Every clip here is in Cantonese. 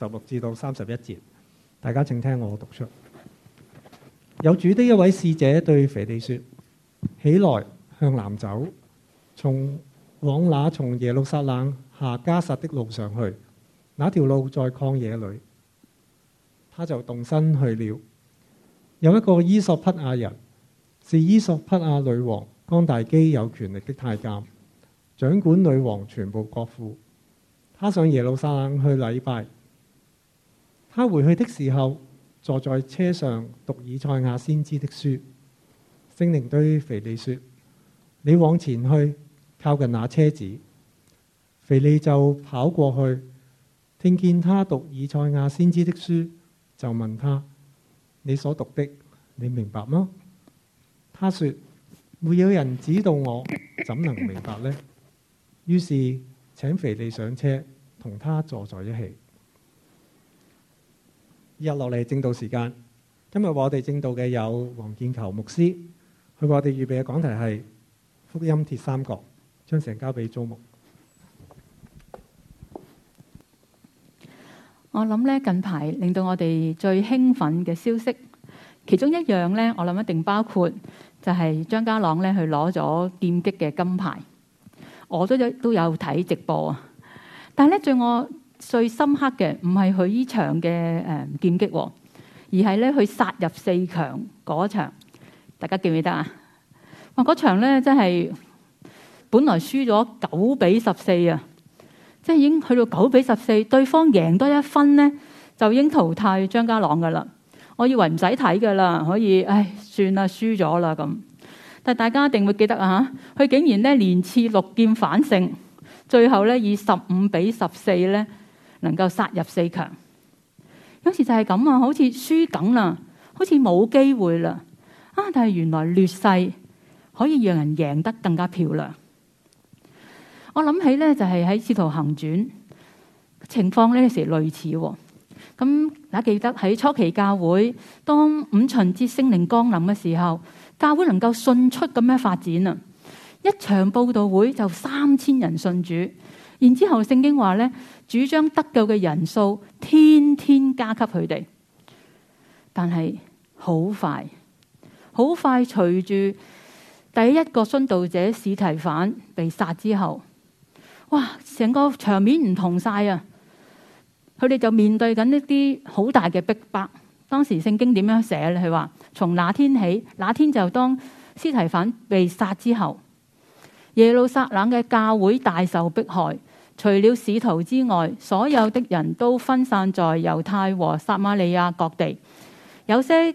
十六至到三十一節，大家請聽我讀出。有主的一位使者對腓利說：起來，向南走，從往那從耶路撒冷下加撒的路上去。那條路在曠野裏，他就動身去了。有一個伊索匹亞人，是伊索匹亞女王江大基有權力的太監，掌管女王全部國庫。他上耶路撒冷去禮拜。他回去的時候，坐在車上讀以賽亞先知的書。聖靈對腓利說：你往前去，靠近那車子。腓利就跑過去，聽見他讀以賽亞先知的書，就問他：你所讀的，你明白嗎？他說：沒有人指導我，怎能明白呢？於是請腓利上車，同他坐在一起。依日落嚟正道時間，今日我哋正道嘅有黃建球牧師，佢話我哋預備嘅講題係《福音鐵三角》，將成交俾宗牧。我諗呢近排令到我哋最興奮嘅消息，其中一樣呢，我諗一定包括就係張家朗呢去攞咗劍擊嘅金牌，我都有都有睇直播啊。但係呢，在我最深刻嘅唔係佢呢場嘅誒劍擊，而係咧去殺入四強嗰場。大家記唔記得啊？哇！嗰場咧真係，本來輸咗九比十四啊，即係已經去到九比十四，對方多贏多一分咧就已經淘汰張家朗噶啦。我以為唔使睇噶啦，可以唉算啦，輸咗啦咁。但係大家一定會記得啊，佢竟然咧連次六劍反勝，最後咧以十五比十四咧。能夠殺入四強，有時就係咁啊，好似輸梗啦，好似冇機會啦啊！但係原來劣勢可以讓人贏得更加漂亮。我諗起咧，就係喺試圖行轉情況呢？時類似咁、哦，大家記得喺初期教會，當五旬節聖靈降臨嘅時候，教會能夠迅速咁樣發展啊！一場佈道會就三千人信主，然之後聖經話咧。主張得救嘅人數天天加給佢哋，但係好快，好快，隨住第一個殉道者司提反被殺之後，哇！成個場面唔同晒啊！佢哋就面對緊一啲好大嘅逼迫。當時聖經點樣寫咧？佢話從那天起，那天就當司提反被殺之後，耶路撒冷嘅教會大受迫害。除了使徒之外，所有的人都分散在猶太和撒瑪利亞各地。有些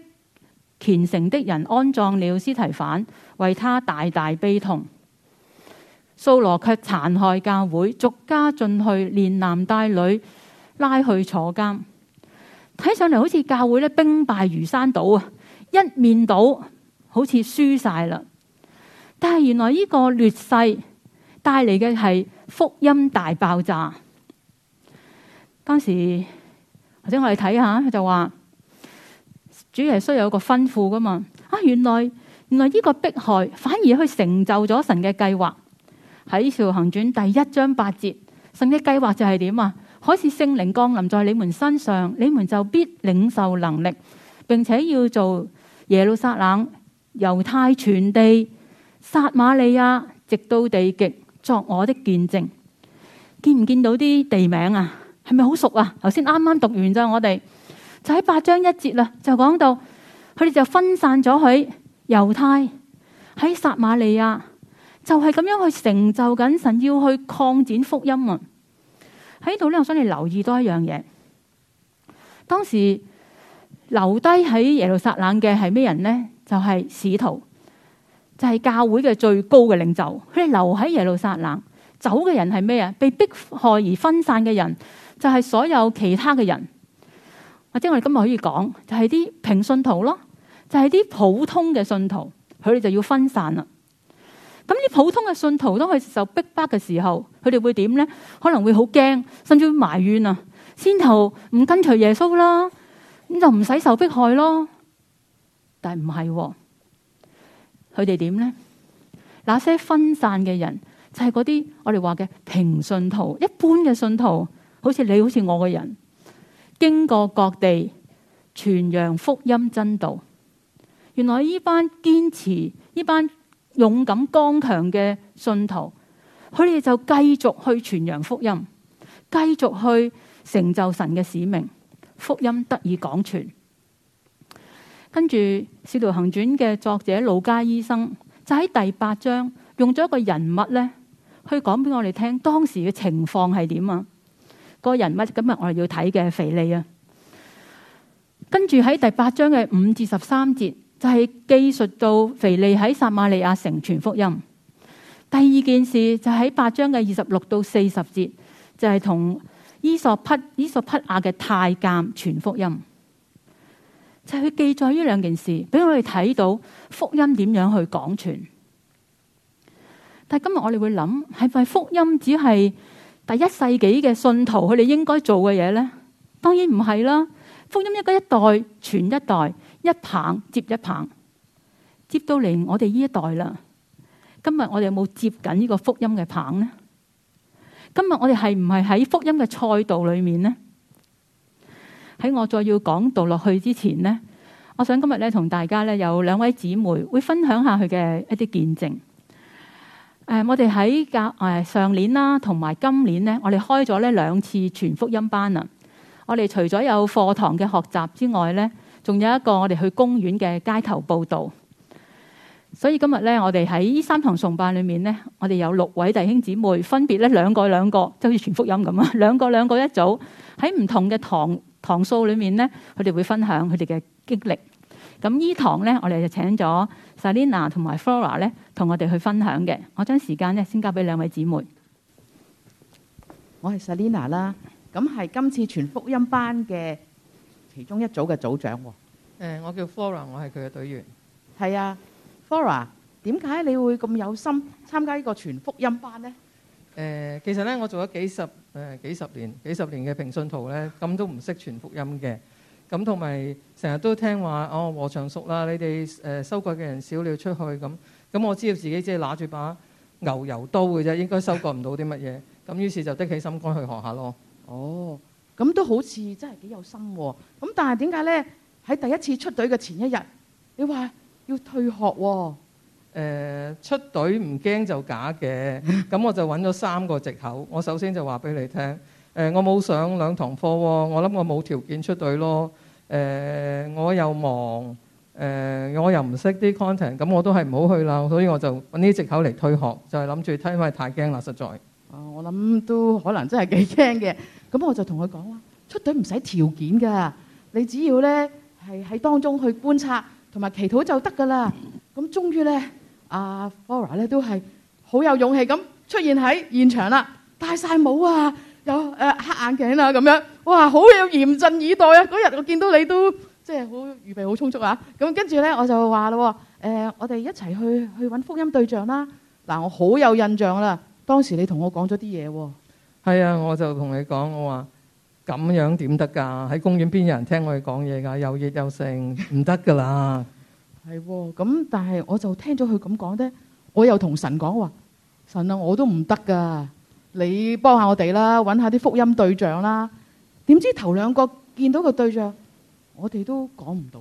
虔誠的人安葬了斯提反，為他大大悲痛。掃羅卻殘害教會，逐家進去，連男帶女拉去坐監。睇上嚟好似教會呢兵敗如山倒啊！一面倒，好似輸晒啦。但係原來呢個劣勢帶嚟嘅係。福音大爆炸當時，或者我哋睇下，佢就話主係需要有個吩咐噶嘛。啊，原來原來呢個迫害反而去成就咗神嘅計劃。喺《道行傳》第一章八節，神嘅計劃就係點啊？可是聖靈降臨在你們身上，你們就必領受能力，並且要做耶路撒冷、猶太全地、撒瑪利亞，直到地極，作我的見證，見唔見到啲地名啊？係咪好熟啊？頭先啱啱讀完就我哋就喺八章一節啦，就講到佢哋就分散咗喺猶太喺撒瑪利亞，就係咁樣去成就緊神要去擴展福音啊！喺度咧，我想你留意多一樣嘢。當時留低喺耶路撒冷嘅係咩人呢？就係使徒。就係教會嘅最高嘅領袖，佢哋留喺耶路撒冷。走嘅人係咩啊？被迫害而分散嘅人，就係所有其他嘅人，或者我哋今日可以講，就係啲平信徒咯，就係啲普通嘅信徒，佢哋就要分散啦。咁啲普通嘅信徒當佢受逼迫嘅時候，佢哋會點咧？可能會好驚，甚至會埋怨啊，先頭唔跟隨耶穌啦，咁就唔使受迫害咯。但係唔係。佢哋點呢？那些分散嘅人，就係嗰啲我哋話嘅平信徒，一般嘅信徒，好似你好似我嘅人，經過各地傳揚福音真道。原來呢班堅持、呢班勇敢剛強嘅信徒，佢哋就繼續去傳揚福音，繼續去成就神嘅使命，福音得以廣傳。跟住《使徒行傳》嘅作者路加醫生就喺第八章用咗一個人物咧，去講俾我哋聽當時嘅情況係點啊！那個人物今日我哋要睇嘅係腓利啊。跟住喺第八章嘅五至十三節，就係記述到腓利喺撒瑪利亞城傳福音。第二件事就喺八章嘅二十六到四十節，就係同、就是、伊索匹伊索匹亞嘅太監傳福音。就係去記載呢兩件事，俾我哋睇到福音點樣去講傳。但係今日我哋會諗，係咪福音只係第一世紀嘅信徒佢哋應該做嘅嘢呢？當然唔係啦。福音應該一代傳一代，一棒接一棒，接到嚟我哋呢一代啦。今日我哋有冇接緊呢個福音嘅棒呢？今日我哋係唔係喺福音嘅賽道裏面呢？喺我再要講到落去之前呢，我想今日咧同大家咧有兩位姊妹會分享下佢嘅一啲見證。誒、嗯，我哋喺隔誒上年啦，同埋今年咧，我哋開咗呢兩次全福音班啊。我哋除咗有課堂嘅學習之外咧，仲有一個我哋去公園嘅街頭報道。所以今日咧，我哋喺三堂崇拜裏面咧，我哋有六位弟兄姊妹分別咧兩個兩個，即係好似全福音咁啊，兩個兩個一組喺唔同嘅堂。堂數裏面呢，佢哋會分享佢哋嘅經歷。咁呢堂呢，我哋就請咗 Selina 同埋 Flora 咧，同我哋去分享嘅。我將時間呢，先交俾兩位姊妹。我係 Selina 啦，咁係今次全福音班嘅其中一組嘅組長喎、呃。我叫 Flora，我係佢嘅隊員。係啊，Flora，點解你會咁有心參加呢個全福音班呢？誒、呃，其實咧，我做咗幾十。誒幾十年幾十年嘅平信徒咧，咁都唔識傳福音嘅，咁同埋成日都聽話哦禾場熟啦，你哋誒、呃、收割嘅人少咗出去咁，咁我知道自己即係拿住把牛油刀嘅啫，應該收割唔到啲乜嘢，咁於是就的起心肝去學下咯。哦，咁都好似真係幾有心喎，咁但係點解咧？喺第一次出隊嘅前一日，你話要退學喎、啊？誒、呃、出隊唔驚就假嘅，咁我就揾咗三個藉口。我首先就話俾你聽，誒、呃、我冇上兩堂課喎，我諗我冇條件出隊咯。誒、呃、我又忙，誒、呃、我又唔識啲 content，咁我都係唔好去啦。所以我就揾啲藉口嚟推學，就係諗住聽，因為太驚啦，實在。啊、呃，我諗都可能真係幾驚嘅。咁我就同佢講啦，出隊唔使條件㗎，你只要咧係喺當中去觀察同埋祈禱就得㗎啦。咁終於咧～阿 Flora 咧，都係好有勇氣咁出現喺現場啦，戴晒帽啊，又誒黑眼鏡啊咁樣，哇，好有嚴陣以待啊！嗰日我見到你都即係好預備好充足啊！咁跟住咧我就話咯，誒我哋一齊去去揾福音對象啦！嗱，我好有印象啦，當時你同我講咗啲嘢喎。係啊，我就同你講，我話咁樣點得噶？喺公園邊有人聽我哋講嘢噶，又熱又聲，唔得噶啦。係喎，咁但係我就聽咗佢咁講啫，我又同神講話，神啊，我都唔得噶，你幫下我哋啦，搵下啲福音對象啦。點知頭兩個見到個對象，我哋都講唔到，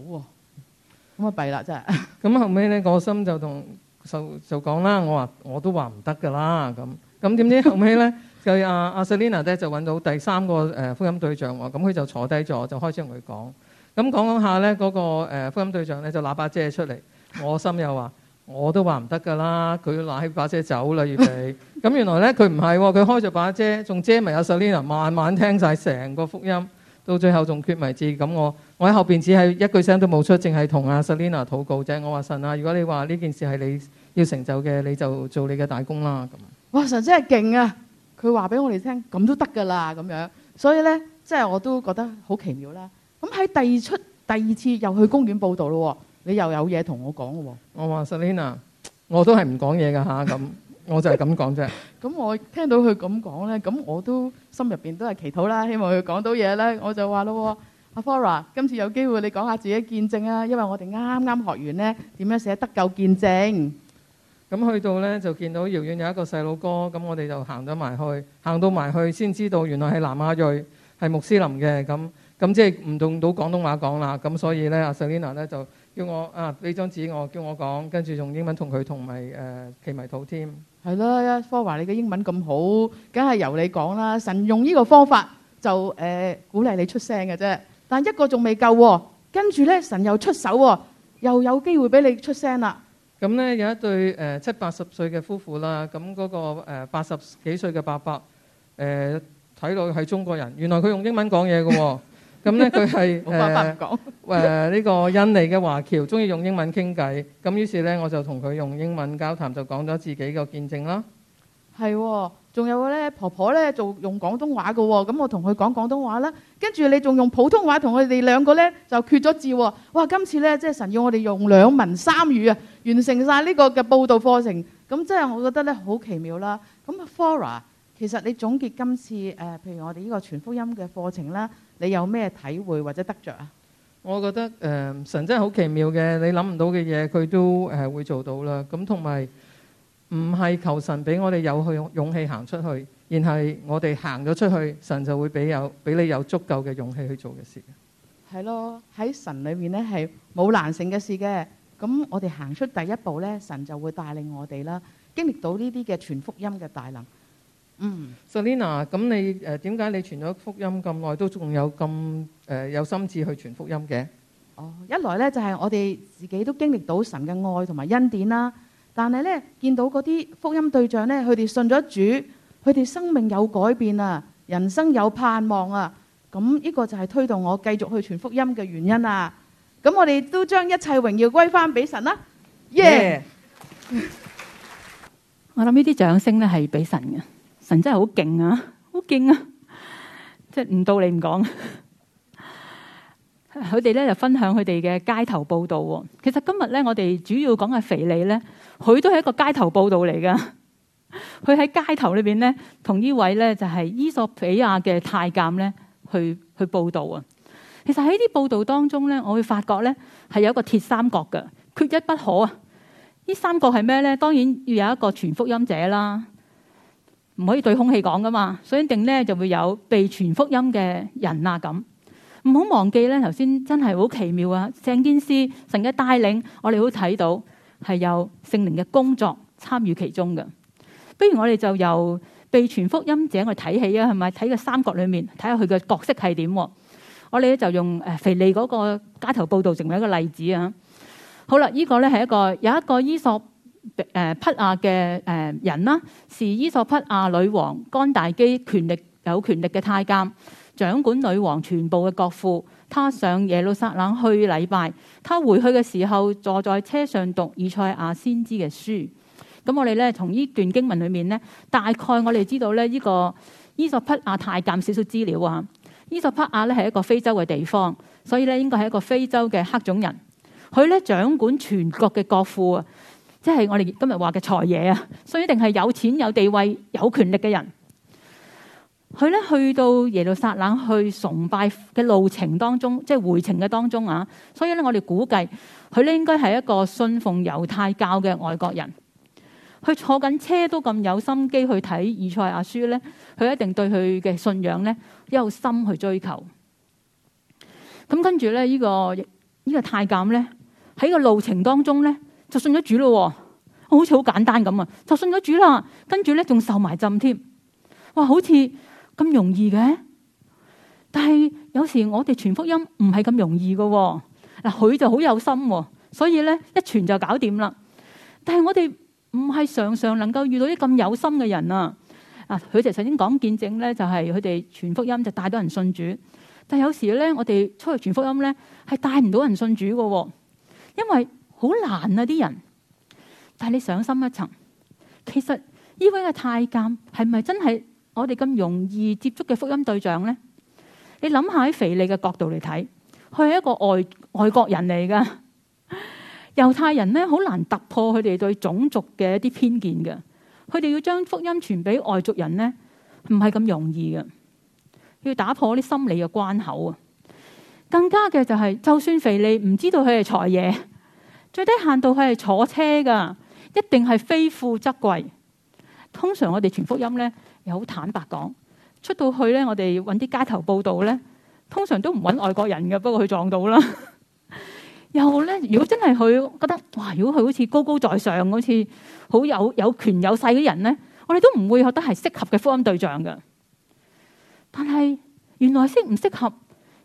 咁啊弊啦真係。咁後屘咧，個心就同就就講啦，我話我都話唔得噶啦，咁咁點知後尾咧，就阿阿 Selina 咧就搵到第三個誒福音對象喎，咁佢就坐低咗，就開聲同佢講。咁講講下咧，嗰、嗰個福音對象咧就拿把遮出嚟，我心又話我都話唔得㗎啦。佢拿起把遮走啦，原嚟，咁 原來咧佢唔係佢開著把還遮，仲遮埋阿 Selina，慢慢聽晒成個福音，到最後仲決埋志，咁我我喺後邊只係一句聲都冇出，淨係同阿 Selina 禱告啫。我話神啊，如果你話呢件事係你要成就嘅，你就做你嘅大功啦。咁哇，神真係勁啊！佢話俾我哋聽咁都得㗎啦咁樣，所以咧即係我都覺得好奇妙啦。咁喺第二出、第二次又去公園報道咯，你又有嘢同我講嘅喎。我話 Selina，我都係唔講嘢㗎吓，咁我就係咁講啫。咁我聽到佢咁講咧，咁我都心入邊都係祈禱啦，希望佢講到嘢咧。我就話咯，阿 Flora，今次有機會你講下自己見證啊，因為我哋啱啱學完咧點樣寫得救見證。咁去到咧就見到遙遠有一個細路哥，咁我哋就行咗埋去，行到埋去先知道原來係南亞裔，係穆斯林嘅咁。咁即係唔用到廣東話講啦，咁所以咧阿 Selina 咧就叫我啊呢張紙，我叫我講，跟住用英文同佢同埋誒企埋肚添係咯。科華，你嘅英文咁好，梗係由你講啦。神用呢個方法就誒鼓勵你出聲嘅啫。但係一個仲未夠，跟住咧神又出手，又有機會俾你出聲啦。咁咧有一對誒七八十歲嘅夫婦啦，咁嗰個誒八十幾歲嘅伯伯誒睇到係中國人，原來佢用英文講嘢嘅。咁咧佢係誒呢個印尼嘅華僑，中意用英文傾偈。咁於是咧，我就同佢用英文交談，就講咗自己嘅見證啦。係 喎、哦，仲有咧婆婆咧就用廣東話嘅喎、哦，咁我同佢講廣東話啦。跟住你仲用普通話同佢哋兩個咧就缺咗字喎。哇！今次咧即係神要我哋用兩文三語啊，完成曬呢個嘅報道課程。咁即係我覺得咧好奇妙啦。咁啊，Flora。其實你總結今次誒，譬如，我哋呢個全福音嘅課程啦，你有咩體會或者得着啊？我覺得誒，神真係好奇妙嘅，你諗唔到嘅嘢，佢都誒會做到啦。咁同埋唔係求神俾我哋有去勇氣行出去，而係我哋行咗出去，神就會俾有俾你有足夠嘅勇氣去做嘅事。係咯，喺神裏面咧係冇難成嘅事嘅。咁我哋行出第一步咧，神就會帶領我哋啦。經歷到呢啲嘅全福音嘅大能。嗯、mm.，Selina，咁你誒點解你傳咗福音咁耐都仲有咁誒、呃、有心智去傳福音嘅？哦、oh,，一來咧就係、是、我哋自己都經歷到神嘅愛同埋恩典啦，但係咧見到嗰啲福音對象咧，佢哋信咗主，佢哋生命有改變啊，人生有盼望啊，咁呢個就係推動我繼續去傳福音嘅原因啊！咁我哋都將一切榮耀歸翻俾神啦，耶、yeah. yeah. 我諗呢啲掌聲咧係俾神嘅。神真係好勁啊，好勁啊！即係唔到你唔講。佢哋咧就分享佢哋嘅街頭報道。其實今日咧，我哋主要講嘅腓利咧，佢都係一個街頭報道嚟噶。佢喺街頭裏邊咧，同呢位咧就係、是、伊索比亞嘅太監咧去去報道啊。其實喺啲報道當中咧，我會發覺咧係有一個鐵三角嘅，缺一不可啊。呢三角係咩咧？當然要有一個傳福音者啦。唔可以對空氣講噶嘛，所以一定咧就會有被傳福音嘅人啊咁。唔好忘記咧，頭先真係好奇妙啊！成件事神嘅帶領，我哋好睇到係有聖靈嘅工作參與其中嘅。不如我哋就由被傳福音者去睇起啊，係咪？睇個三角裏面，睇下佢嘅角色係點？我哋咧就用誒腓利嗰個街頭報道成為一個例子啊。好啦，這個、呢個咧係一個有一個伊索誒、呃、匹亞嘅誒人啦，啊，是伊索匹亞女王幹大基權力有權力嘅太監，掌管女王全部嘅國庫。他上耶路撒冷去禮拜，他回去嘅時候坐在車上讀以賽亞先知嘅書。咁我哋咧從呢從段經文裏面咧，大概我哋知道咧呢、這個伊索匹亞太監少少資料啊。伊索匹亞咧係一個非洲嘅地方，所以咧應該係一個非洲嘅黑種人。佢咧掌管全國嘅國庫啊。即係我哋今日話嘅財爺啊，所以一定係有錢、有地位、有權力嘅人。佢咧去到耶路撒冷去崇拜嘅路程當中，即係回程嘅當中啊，所以咧我哋估計佢咧應該係一個信奉猶太教嘅外國人。佢坐緊車都咁有心機去睇《以賽亞書》呢咧，佢一定對佢嘅信仰咧有心去追求。咁跟住咧呢個呢個太監咧喺個路程當中咧。就信咗主咯，哦，好似好簡單咁啊！就信咗主啦，跟住咧仲受埋浸添，哇！好似咁容易嘅，但係有時我哋傳福音唔係咁容易噶，哦。嗱，佢就好有心，哦，所以咧一傳就搞掂啦。但係我哋唔係常常能夠遇到啲咁有心嘅人啊！啊，佢哋曾經講見證咧，就係佢哋傳福音就帶到人信主。但係有時咧，我哋出去傳福音咧係帶唔到人信主噶，哦，因為。好難啊！啲人，但係你上深一層，其實呢位嘅太監係咪真係我哋咁容易接觸嘅福音對象呢？你諗下喺肥利嘅角度嚟睇，佢係一個外外國人嚟噶，猶太人咧好難突破佢哋對種族嘅一啲偏見嘅，佢哋要將福音傳俾外族人咧，唔係咁容易嘅，要打破啲心理嘅關口啊！更加嘅就係、是，就算肥利唔知道佢係財爺。最低限度，佢係坐車噶，一定係非富則貴。通常我哋傳福音咧，又好坦白講，出到去咧，我哋揾啲街頭報道咧，通常都唔揾外國人嘅，不過佢撞到啦。又咧，如果真係佢覺得哇，如果佢好似高高在上，好似好有有權有勢嘅人咧，我哋都唔會覺得係適合嘅福音對象嘅。但係原來適唔適合，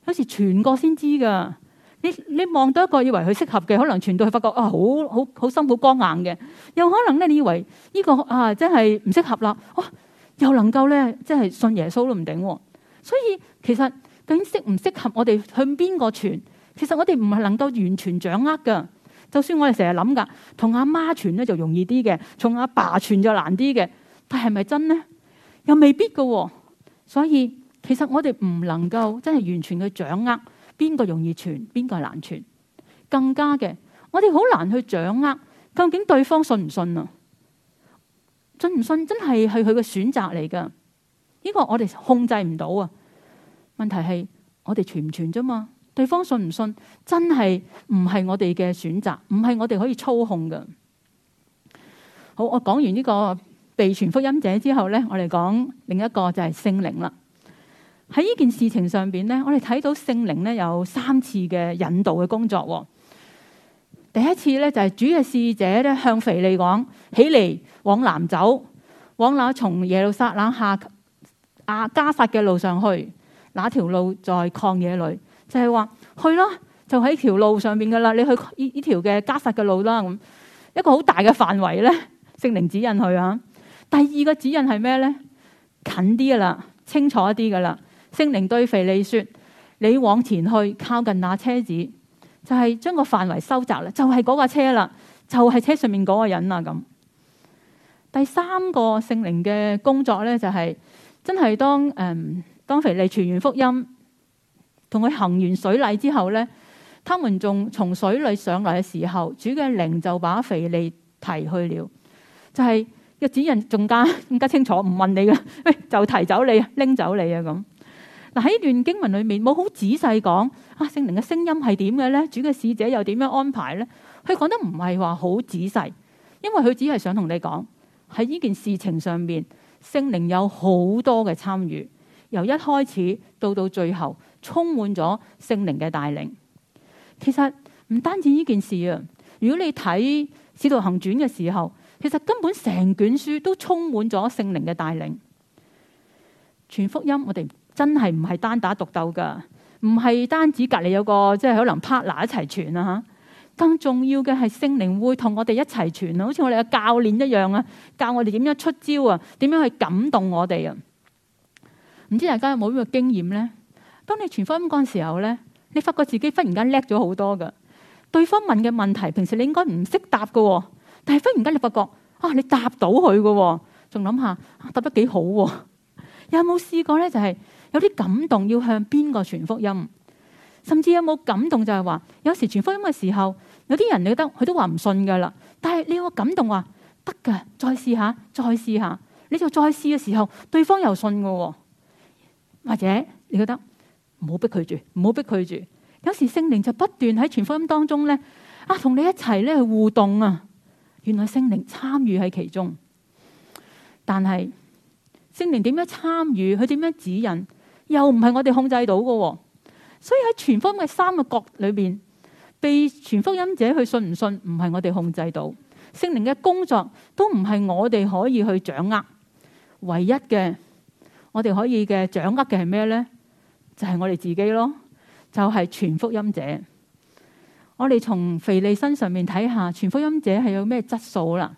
有時傳過先知噶。你你望到一個以為佢適合嘅，可能傳到去發覺啊，好好好心好剛硬嘅，又可能咧，你以為呢、這個啊真係唔適合啦，哇、哦！又能夠咧，即係信耶穌都唔頂、哦。所以其實竟適唔適合我哋向邊個傳，其實我哋唔係能夠完全掌握嘅。就算我哋成日諗噶，同阿媽傳咧就容易啲嘅，從阿爸傳就難啲嘅。但係咪真咧？又未必嘅、哦。所以其實我哋唔能夠真係完全去掌握。邊個容易傳，邊個係難傳，更加嘅，我哋好難去掌握究竟對方信唔信啊？信唔信？真係係佢嘅選擇嚟噶，呢個我哋控制唔到啊！問題係我哋傳唔傳啫嘛？對方信唔信，真係唔係我哋嘅選擇，唔係我哋可以操控噶。好，我講完呢個被傳福音者之後呢，我哋講另一個就係聖靈啦。喺呢件事情上邊咧，我哋睇到聖靈咧有三次嘅引導嘅工作。第一次咧就係主嘅使者咧向腓利講：起嚟往南走，往那從耶路撒冷下阿加撒嘅路上去。那條路在曠野裏，就係話去啦，就喺條路上邊噶啦。你去呢呢條嘅加撒嘅路啦。咁一個好大嘅範圍咧，聖靈指引佢啊。第二個指引係咩咧？近啲噶啦，清楚一啲噶啦。聖靈對腓利說：你往前去，靠近那車子，就係、是、將個範圍收窄啦，就係嗰架車啦，就係、是、車上面嗰個人啊。咁第三個聖靈嘅工作咧，就係、是、真係當誒、嗯、當腓利傳完福音，同佢行完水禮之後咧，他們仲從水裏上來嘅時候，主嘅靈就把腓利提去了，就係個主人仲加更加清楚，唔問你啦，喂，就提走你，拎走你啊，咁。喺段經文裏面冇好仔細講啊，聖靈嘅聲音係點嘅呢？主嘅使者又點樣安排呢？佢講得唔係話好仔細，因為佢只係想同你講喺呢件事情上面，聖靈有好多嘅參與，由一開始到到最後，充滿咗聖靈嘅帶領。其實唔單止呢件事啊，如果你睇《使徒行傳》嘅時候，其實根本成卷書都充滿咗聖靈嘅帶領。全福音，我哋。真係唔係單打獨鬥噶，唔係單止隔籬有個即係可能 partner 一齊傳啊！吓，更重要嘅係聖靈會同我哋一齊傳啊！好似我哋嘅教練一樣啊，教我哋點樣出招啊，點樣去感動我哋啊！唔知大家有冇呢個經驗咧？當你傳福音嗰陣時候咧，你發覺自己忽然間叻咗好多噶。對方問嘅問題，平時你應該唔識答噶，但係忽然間你發覺啊，你答到佢噶，仲諗下答得幾好。有冇試過咧？就係、是。有啲感動要向邊個傳福音，甚至有冇感動就係話，有時傳福音嘅時候，有啲人你覺得佢都話唔信噶啦，但係你有個感動話得噶，再試下，再試下，你就再試嘅時候，對方又信噶，或者你覺得唔好逼佢住，唔好逼佢住，有時聖靈就不斷喺傳福音當中咧，啊，同你一齊咧去互動啊，原來聖靈參與喺其中，但係聖靈點樣參與，佢點樣指引？又唔係我哋控制到嘅。哦，所以喺全福音嘅三個角裏邊，被全福音者去信唔信，唔係我哋控制到。聖靈嘅工作都唔係我哋可以去掌握。唯一嘅，我哋可以嘅掌握嘅係咩呢？就係、是、我哋自己咯，就係全福音者。我哋從腓利身上面睇下，全福音者係有咩質素啦？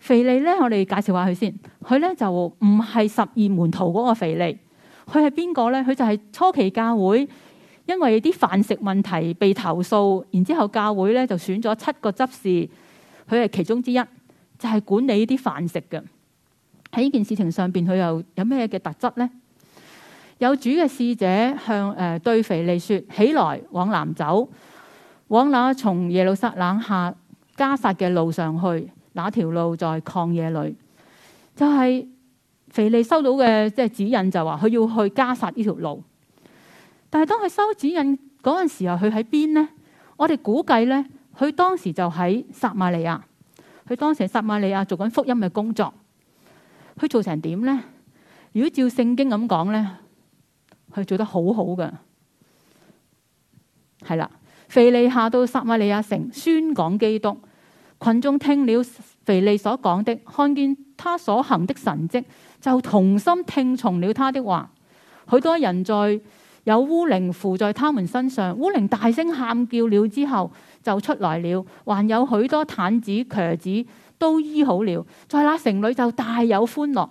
腓利呢，我哋介紹下佢先。佢呢，就唔係十二門徒嗰個腓利。佢係邊個呢？佢就係初期教會，因為啲飯食問題被投訴，然之後教會咧就選咗七個執事，佢係其中之一，就係、是、管理啲飯食嘅。喺呢件事情上邊，佢又有咩嘅特質呢？有主嘅使者向誒、呃、對腓利說：起來，往南走，往那從耶路撒冷下加撒嘅路上去，那條路在曠野裏，就係、是。腓利收到嘅即係指引就話，佢要去加薩呢條路。但係當佢收指引嗰陣時候，佢喺邊呢？我哋估計咧，佢當時就喺撒瑪利亞。佢當時喺撒瑪利亞做緊福音嘅工作。佢做成點呢？如果照聖經咁講咧，佢做得好好嘅。係啦，腓利下到撒瑪利亞城宣講基督。群眾聽了腓利所講的，看見他所行的神蹟，就同心聽從了他的話。許多人在有污靈附在他們身上，污靈大聲喊叫了之後就出來了，還有許多癱子、瘸子都醫好了。在那城裏就大有歡樂。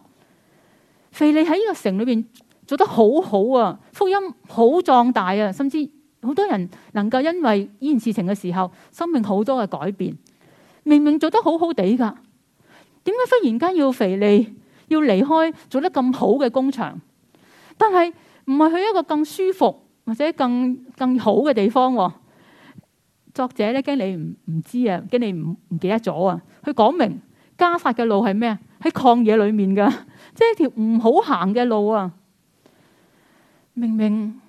腓利喺呢個城裏邊做得好好啊，福音好壯大啊，甚至好多人能夠因為呢件事情嘅時候，生命好多嘅改變。明明做得好好地噶，點解忽然間要腓利要離開做得咁好嘅工場？但係唔係去一個更舒服或者更更好嘅地方？作者咧，驚你唔唔知啊，驚你唔唔記得咗啊？佢講明加法嘅路係咩？喺曠野裏面嘅，即係一條唔好行嘅路啊！明明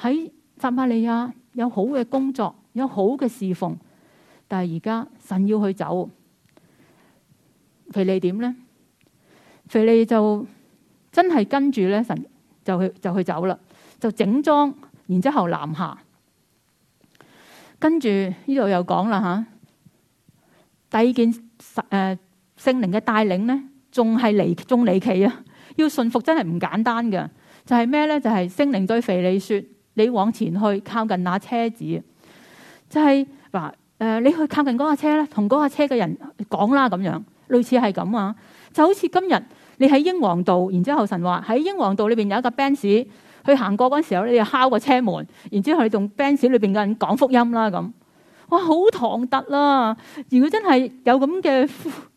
喺撒瑪利亞有好嘅工作，有好嘅侍奉。但係而家神要去走，腓利點呢？腓利就真係跟住咧，神就去就去走啦，就整裝，然之後南下。跟住呢度又講啦吓，第二件實誒、呃、聖靈嘅帶領呢，仲係離仲離奇啊！要順服真係唔簡單嘅，就係、是、咩呢？就係、是、聖靈對腓利說：你往前去靠近那車子，就係、是、嗱。呃誒、呃，你去靠近嗰架車咧，同嗰架車嘅人講啦，咁樣類似係咁啊！就好似今日你喺英皇道，然之後神話喺英皇道裏邊有一個 Benz 去行過嗰陣時候你就敲個車門，然之後你同 Benz 裏邊嘅人講福音啦咁。哇，好唐突啦、啊！如果真係有咁嘅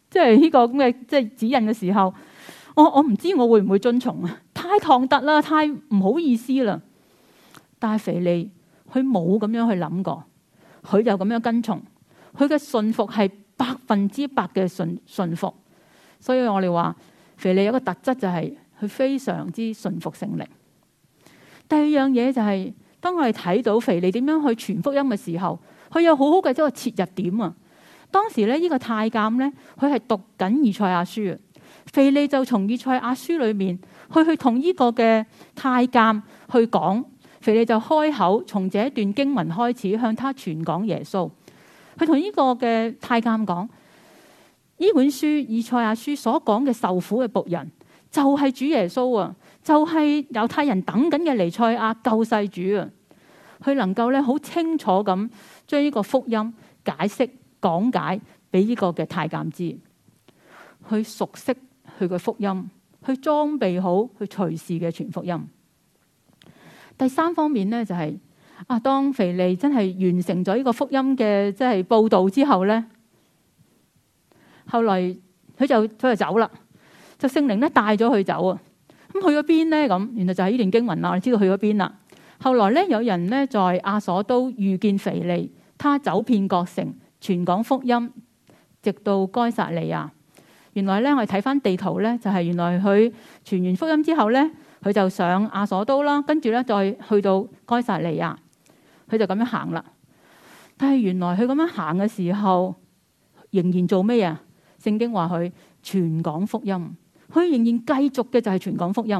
即係呢個咁嘅即係指引嘅時候，我我唔知我會唔會遵從啊？太唐突啦，太唔好意思啦。但係腓利佢冇咁樣去諗過。佢就咁樣跟從，佢嘅信服係百分之百嘅信信服，所以我哋話腓利有一個特質就係佢非常之信服聖靈。第二樣嘢就係、是、當我哋睇到腓利點樣去傳福音嘅時候，佢有很好好嘅一個切入點啊！當時咧呢、這個太監咧，佢係讀緊以賽亞書，腓利就從以賽亞書裏面去去同呢個嘅太監去講。佢哋就開口，從這段經文開始向他傳講耶穌。佢同呢個嘅太監講：呢本書以賽亞書所講嘅受苦嘅僕人，就係主耶穌啊，就係猶太人等緊嘅彌賽亞救世主啊。佢能夠咧好清楚咁將呢個福音解釋講解俾呢個嘅太監知，去熟悉佢個福音，去裝備好去隨時嘅傳福音。第三方面咧就係、是、啊，當腓利真係完成咗呢個福音嘅即係報道之後咧，後來佢就佢就走啦，就聖靈咧帶咗佢走啊。咁去咗邊咧？咁原來就係呢段經文啦。我知道去咗邊啦。後來咧有人咧在亞索都遇見腓利，他走遍各城，傳講福音，直到該撒利亞。原來咧我哋睇翻地圖咧就係、是、原來佢傳完福音之後咧。佢就上亞索都啦，跟住咧再去到該撒利亞，佢就咁樣行啦。但係原來佢咁樣行嘅時候，仍然做咩嘢？聖經話佢傳講福音，佢仍然繼續嘅就係傳講福音。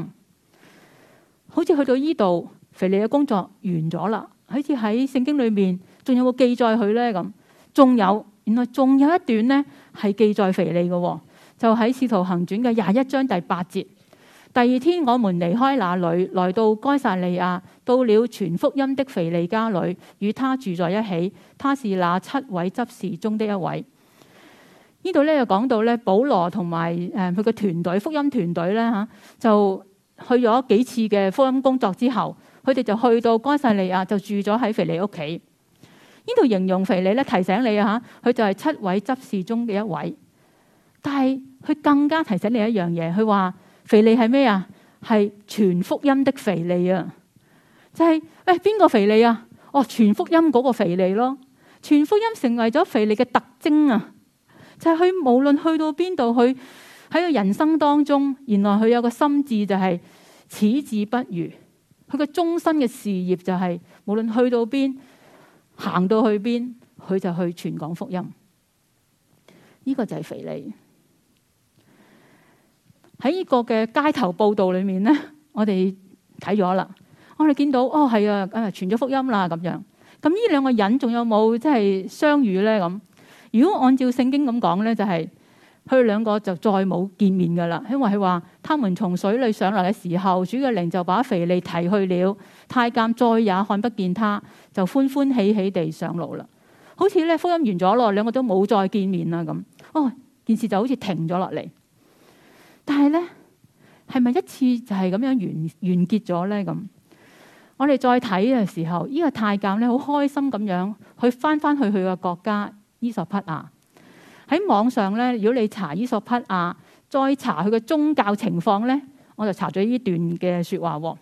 好似去到呢度，腓利嘅工作完咗啦。好似喺聖經裏面，仲有冇記載佢咧咁？仲有，原來仲有一段呢，係記載腓利嘅，就喺《使徒行傳》嘅廿一章第八節。第二天，我們離開那裏，來到該撒利亞，到了傳福音的腓利家裏，與他住在一起。他是那七位執事中的一位。呢度咧又講到咧，保羅同埋誒佢個團隊，福音團隊咧吓，就去咗幾次嘅福音工作之後，佢哋就去到該撒利亞，就住咗喺腓利屋企。呢度形容腓利咧，提醒你啊，佢就係七位執事中嘅一位，但係佢更加提醒你一樣嘢，佢話。肥利係咩啊？係全福音的肥利啊！就係、是、誒邊個肥利啊？哦，全福音嗰個肥利咯！全福音成為咗肥利嘅特徵啊！就係、是、佢無論去到邊度，佢喺佢人生當中，原來佢有個心志就係矢志不渝。佢嘅終身嘅事業就係、是、無論去到邊行到去邊，佢就去全港福音。呢、這個就係肥利。喺呢個嘅街頭報道裏面咧，我哋睇咗啦。我哋見到哦，係啊，傳咗福音啦咁樣。咁呢兩個人仲有冇即係相遇咧？咁如果按照聖經咁講咧，就係佢哋兩個就再冇見面噶啦，因為佢話：他們從水裏上來嘅時候，主嘅靈就把腓利提去了，太監再也看不見他，就歡歡喜喜地上路啦。好似咧福音完咗咯，兩個都冇再見面啦咁。哦，這件事就好似停咗落嚟。但係咧，係咪一次就係咁樣完完結咗咧？咁我哋再睇嘅時候，呢個太監咧，好開心咁樣去翻翻去佢個國家伊索匹亞。喺網上咧，如果你查伊索匹亞，再查佢個宗教情況咧，我就查咗呢段嘅說話。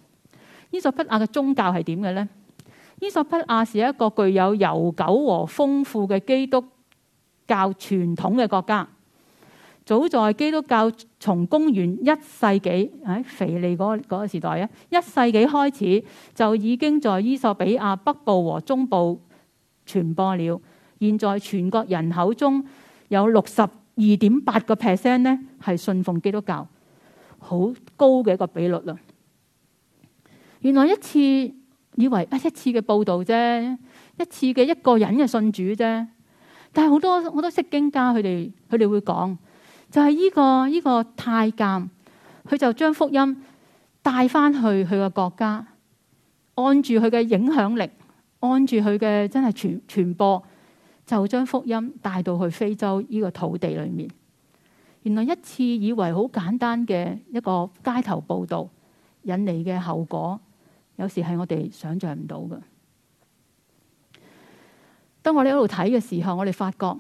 伊索匹亞嘅宗教係點嘅咧？伊索匹亞是一個具有悠久和豐富嘅基督教傳統嘅國家。早在基督教從公元一世紀喺腓利嗰、那、嗰、個那個時代咧，一世紀開始就已經在伊索比亞北部和中部傳播了。現在全國人口中有六十二點八個 percent 咧係信奉基督教，好高嘅一個比率啦。原來一次以為一一次嘅報導啫，一次嘅一,一個人嘅信主啫，但係好多好多釋經家佢哋佢哋會講。就係呢個呢個太監，佢就將福音帶翻去佢個國家，按住佢嘅影響力，按住佢嘅真係傳傳播，就將福音帶到去非洲呢個土地裏面。原來一次以為好簡單嘅一個街頭報道，引嚟嘅後果，有時係我哋想象唔到嘅。當我哋喺度睇嘅時候，我哋發覺。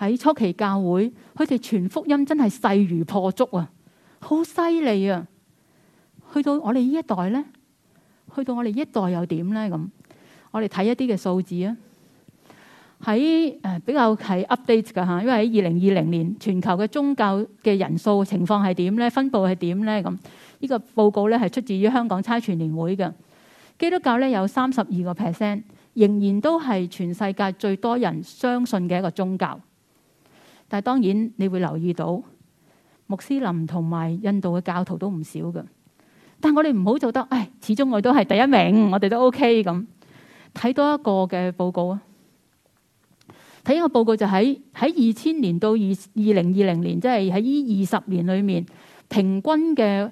喺初期教會，佢哋傳福音真係勢如破竹啊，好犀利啊！去到我哋呢一代呢，去到我哋呢一代又點呢？咁我哋睇一啲嘅數字啊。喺誒、呃、比較係 update 噶吓，因為喺二零二零年全球嘅宗教嘅人數情況係點呢？分佈係點呢？咁呢個報告咧，係出自於香港差傳年會嘅基督教咧，有三十二個 percent，仍然都係全世界最多人相信嘅一個宗教。但係當然，你會留意到穆斯林同埋印度嘅教徒都唔少嘅。但我哋唔好做得，唉，始終我都係第一名，我哋都 OK 咁。睇多一個嘅報告啊！睇一個報告就喺喺二千年到二二零二零年，即係喺呢二十年裏面，平均嘅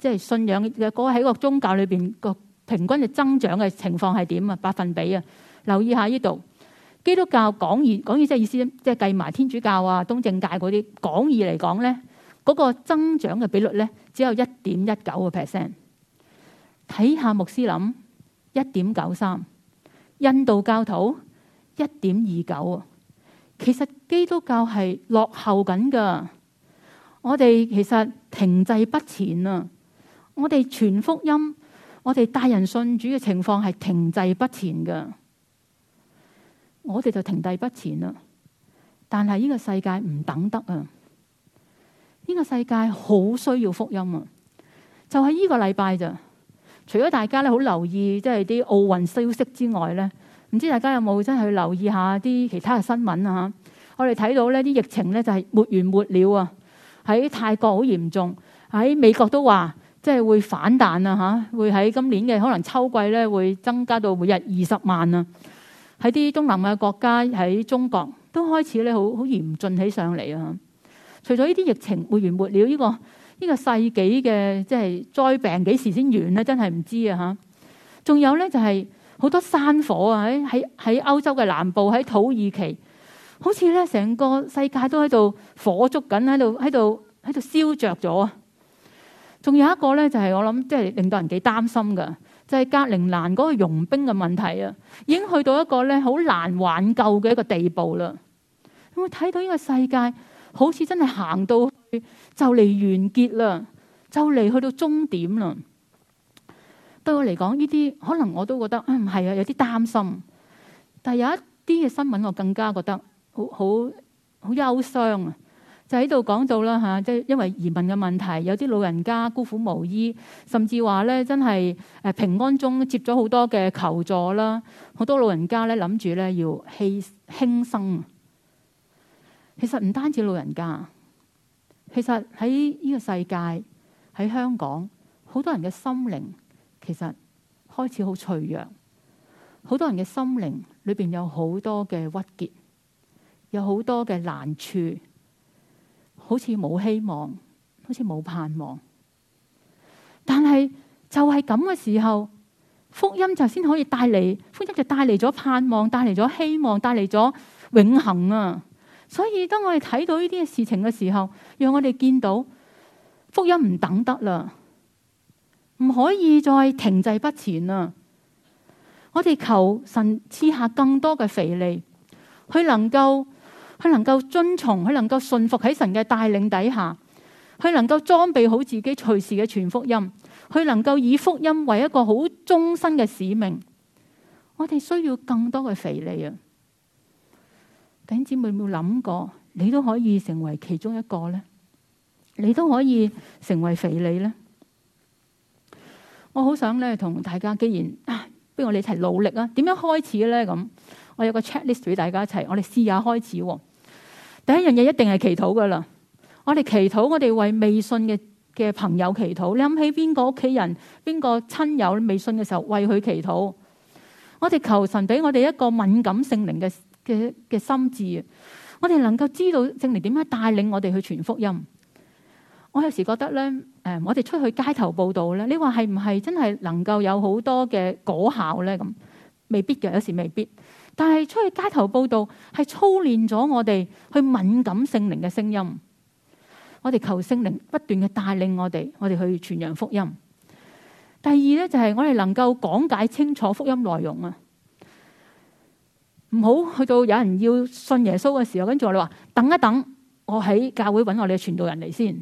即係信仰嘅嗰個喺個宗教裏面個平均嘅增長嘅情況係點啊？百分比啊！留意一下呢度。基督教廣義廣義即係意思，即係計埋天主教啊、東正教嗰啲廣義嚟講咧，嗰、那個增長嘅比率咧只有一點一九個 percent。睇下穆斯林一點九三，印度教徒一點二九。其實基督教係落後緊㗎。我哋其實停滯不前啊！我哋傳福音，我哋帶人信主嘅情況係停滯不前嘅。我哋就停滯不前啦，但係呢個世界唔等得啊！呢個世界好需要福音啊！就喺呢個禮拜咋。除咗大家咧好留意即係啲奧運消息之外咧，唔知大家有冇真係去留意下啲其他嘅新聞啊？嚇，我哋睇到呢啲疫情咧就係沒完沒了啊！喺泰國好嚴重，喺美國都話即係會反彈啊！嚇，會喺今年嘅可能秋季咧會增加到每日二十萬啊！喺啲東南亞國家，喺中國都開始咧好好嚴峻起上嚟啊！除咗呢啲疫情沒完沒了，呢個呢個世紀嘅即係災病幾時先完咧？真係唔知啊！嚇，仲有咧就係好多山火啊！喺喺喺歐洲嘅南部，喺土耳其，好似咧成個世界都喺度火燭緊，喺度喺度喺度燒着咗啊。仲有一個咧，就係我諗即係令到人幾擔心嘅。就係、是、格陵蘭嗰個融冰嘅問題啊，已經去到一個咧好難挽救嘅一個地步啦。有冇睇到呢個世界好似真係行到去就嚟完結啦，就嚟去到終點啦？對我嚟講，呢啲可能我都覺得唔係啊，有啲擔心。但係有一啲嘅新聞，我更加覺得好好好憂傷啊。就喺度講到啦嚇，即係因為移民嘅問題，有啲老人家孤苦無依，甚至話咧真係誒平安中接咗好多嘅求助啦。好多老人家咧諗住咧要去輕生。其實唔單止老人家，其實喺呢個世界喺香港，好多人嘅心靈其實開始好脆弱，好多人嘅心靈裏邊有好多嘅鬱結，有好多嘅難處。好似冇希望，好似冇盼望，但係就係咁嘅時候，福音就先可以帶嚟，福音就帶嚟咗盼望，帶嚟咗希望，帶嚟咗永恒啊！所以當我哋睇到呢啲嘅事情嘅時候，讓我哋見到福音唔等得啦，唔可以再停滯不前啦。我哋求神賜下更多嘅肥力，佢能夠。佢能夠遵從，佢能夠順服喺神嘅帶領底下，佢能夠裝備好自己隨時嘅全福音，佢能夠以福音為一個好終身嘅使命。我哋需要更多嘅腓利啊！弟兄姊妹，有冇諗過你都可以成為其中一個呢？你都可以成為腓利呢？我好想咧同大家，既然不如我哋一齊努力啦！點樣開始呢？咁我有一個 checklist 俾大家一齊，我哋試下開始喎。第一樣嘢一定係祈禱噶啦，我哋祈禱，我哋為未信嘅嘅朋友祈禱。你諗起邊個屋企人、邊個親友未信嘅時候，為佢祈禱。我哋求神俾我哋一個敏感聖靈嘅嘅嘅心智，我哋能夠知道聖靈點樣帶領我哋去傳福音。我有時覺得咧，誒，我哋出去街頭報道咧，你話係唔係真係能夠有好多嘅果效咧？咁未必嘅，有時未必。但係出去街頭報道係操練咗我哋去敏感聖靈嘅聲音。我哋求聖靈不斷嘅帶領我哋，我哋去傳揚福音。第二呢，就係我哋能夠講解清楚福音內容啊，唔好去到有人要信耶穌嘅時候，跟住我哋話等一等，我喺教會揾我哋嘅傳道人嚟先。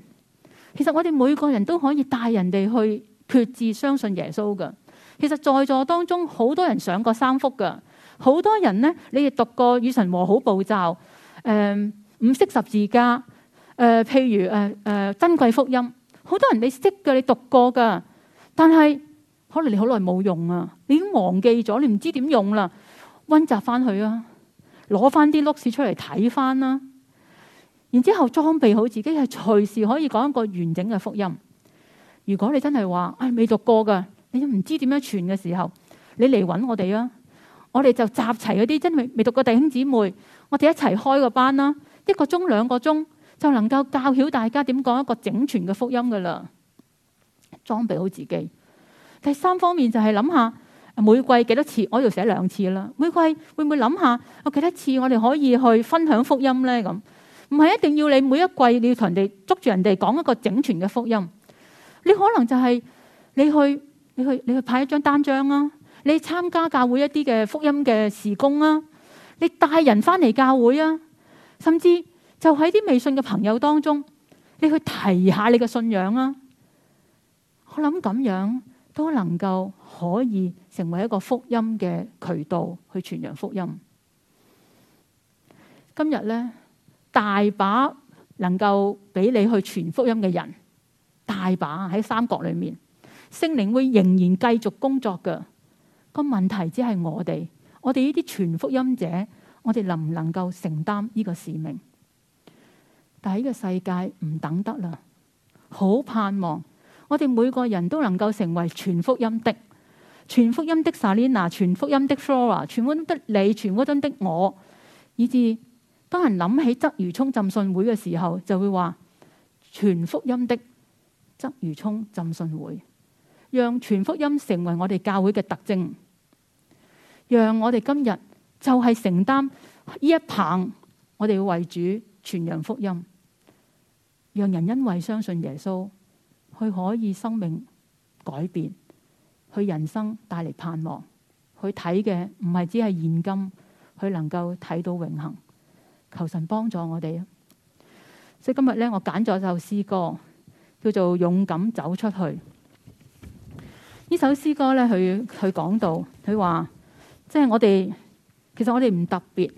其實我哋每個人都可以帶人哋去決志相信耶穌嘅。其實在座當中好多人上過三福噶。好多人咧，你亦讀過與神和好步驟，誒、呃、五色十字架，誒、呃、譬如誒誒、呃呃、珍貴福音，好多人你識嘅，你讀過嘅，但係可能你好耐冇用啊，你已經忘記咗，你唔知點用啦，溫習翻佢啊，攞翻啲碌 o 出嚟睇翻啦，然之後裝備好自己，係隨時可以講一個完整嘅福音。如果你真係話誒未讀過嘅，你都唔知點樣傳嘅時候，你嚟揾我哋啊！我哋就集齊嗰啲真係未讀過弟兄姊妹，我哋一齊開個班啦，一個鐘兩個鐘就能夠教曉大家點講一個整全嘅福音噶啦。裝備好自己。第三方面就係諗下每季幾多次，我哋要寫兩次啦。每季會唔會諗下我幾多次我哋可以去分享福音咧？咁唔係一定要你每一季你要同人哋捉住人哋講一個整全嘅福音，你可能就係你去你去你去派一張單張啊。你參加教會一啲嘅福音嘅事工啊，你帶人翻嚟教會啊，甚至就喺啲未信嘅朋友當中，你去提下你嘅信仰啊。我諗咁樣都能夠可以成為一個福音嘅渠道去傳揚福音。今日呢，大把能夠俾你去傳福音嘅人，大把喺三角裏面聖靈會仍然繼續工作嘅。個問題只係我哋，我哋呢啲全福音者，我哋能唔能夠承擔呢個使命？但係呢個世界唔等得啦，好盼望我哋每個人都能夠成為全福音的，全福音的 Salina，全福音的 Flora，全福音的你，全福音的我，以致當人諗起鰂魚涌浸信會嘅時候，就會話全福音的鰂魚涌浸信會，讓全福音成為我哋教會嘅特徵。讓我哋今日就係承擔呢一棒，我哋要為主傳揚福音，讓人因為相信耶穌，佢可以生命改變，去人生帶嚟盼望，佢睇嘅唔係只係現今，佢能夠睇到永恆。求神幫助我哋啊！所以今日呢，我揀咗首詩歌叫做《勇敢走出去》。呢首詩歌呢，佢佢講到，佢話。即係我哋，其實我哋唔特別，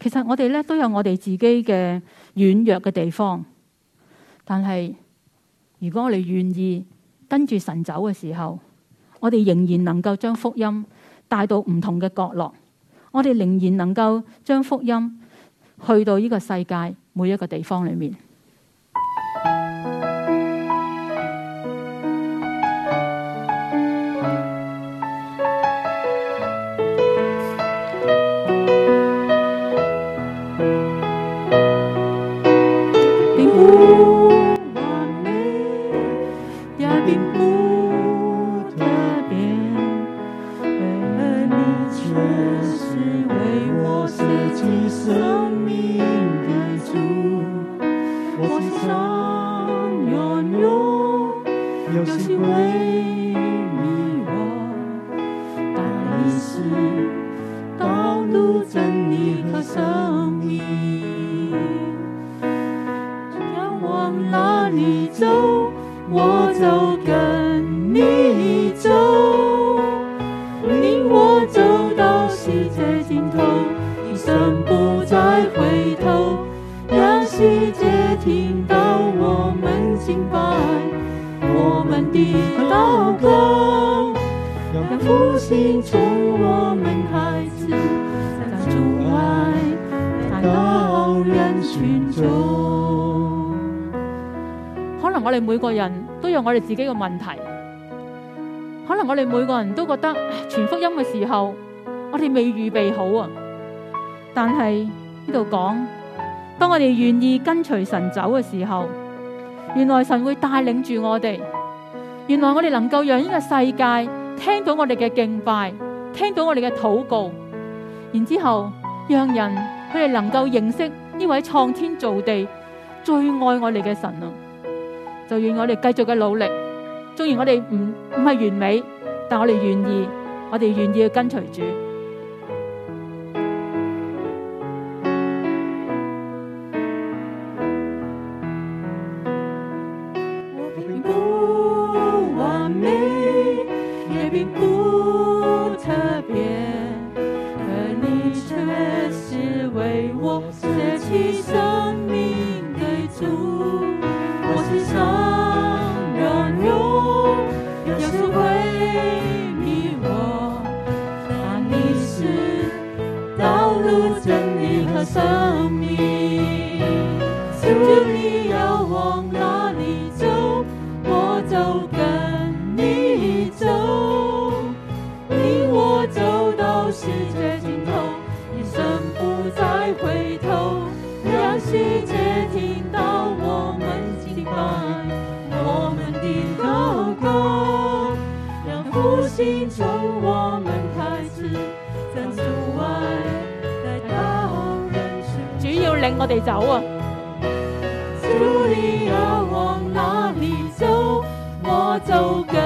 其實我哋咧都有我哋自己嘅軟弱嘅地方。但係如果我哋願意跟住神走嘅時候，我哋仍然能夠將福音帶到唔同嘅角落，我哋仍然能夠將福音去到呢個世界每一個地方裏面。可能我哋每個人都有我哋自己嘅問題，可能我哋每個人都覺得傳福音嘅時候我哋未預備好啊。但係呢度講，當我哋願意跟隨神走嘅時候，原來神會帶領住我哋。原來我哋能夠讓呢個世界聽到我哋嘅敬拜，聽到我哋嘅禱告，然之後讓人佢哋能夠認識。呢位創天造地最愛我哋嘅神啊，就願我哋繼續嘅努力，縱然我哋唔唔係完美，但我哋願意，我哋願意去跟隨主。帶我哋走啊！往哪裏走？我走。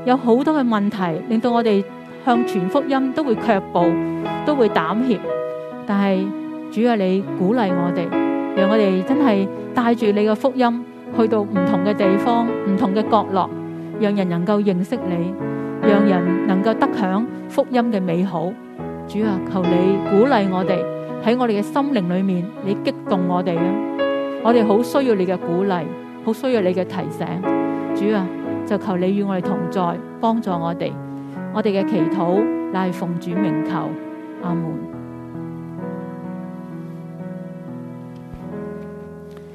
有好多就求你與我哋同在，幫助我哋，我哋嘅祈禱乃係奉主名求，阿門。